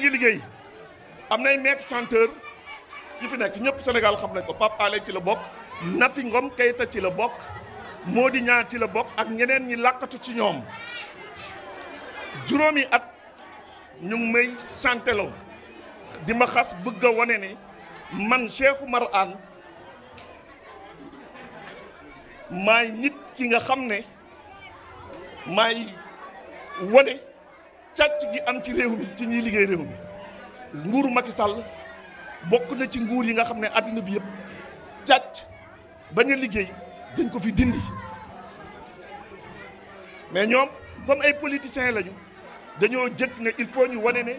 ñu met liggéey am nay maître chanteur yi fi nekk papa Sénégal xam nañ ko Pape Alé ci la bokk Nafi Ngom Keita ci la bokk Mody Niang ci la bokk ak ñeneen ñi ci at ñu ngi may chanteloo di ma xas bëgg a ni man Cheikh Oumar Anne nit ki nga xam ne maay wane cac gi am ci réew mi ci ñuy liggéey réew mi nguuru Macky Sall bokk na ci nguur yi nga xam ne àddina bi yëpp càcc ba a liggéey dañ ko fi dindi mais ñoom kon ay politiciens lañu dañoo jëkk ne il faut ñu wane ne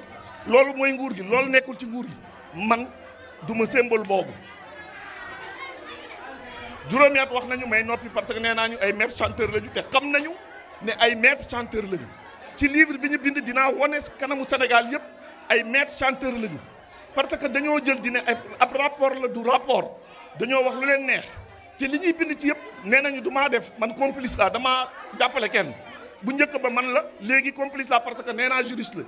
loolu mooy nguur gi loolu nekkul ci nguur gi man du ma boobu juróomi at wax nañu may noppi parce que nee naa ñu ay maître chanteur lañu te xam nañu ne ay maître chanteur lañu ci livre bi ñu bind dinaa wane kanamu Sénégal yëpp ay maîtres chanteurs lañu parce que dañoo jël dina ab rapport la du rapport dañoo wax lu leen neex te li ñuy bind ci yëpp nee nañu du maa def man complice la damaa jàppale kenn bu njëkk ba man la léegi complice la parce que nee naa juriste la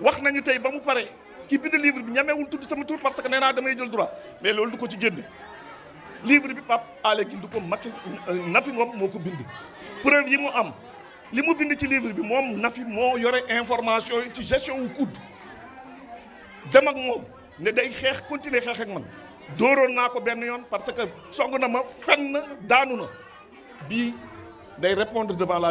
wax nañu tey ba mu pare ki bind livre bi ñamewul tudd sama tur parce que nee naa damay jël droit mais loolu du ko ci génne livre bi Pape Alé Gindiko Macky Nafi Ngom moo ko bind preuve yi mu am li qui bind ci livre bi y Nafi des informations information ci gestion wu coude. dem ak ne continuer ak man parce que si na ma fenn danuna répondre devant la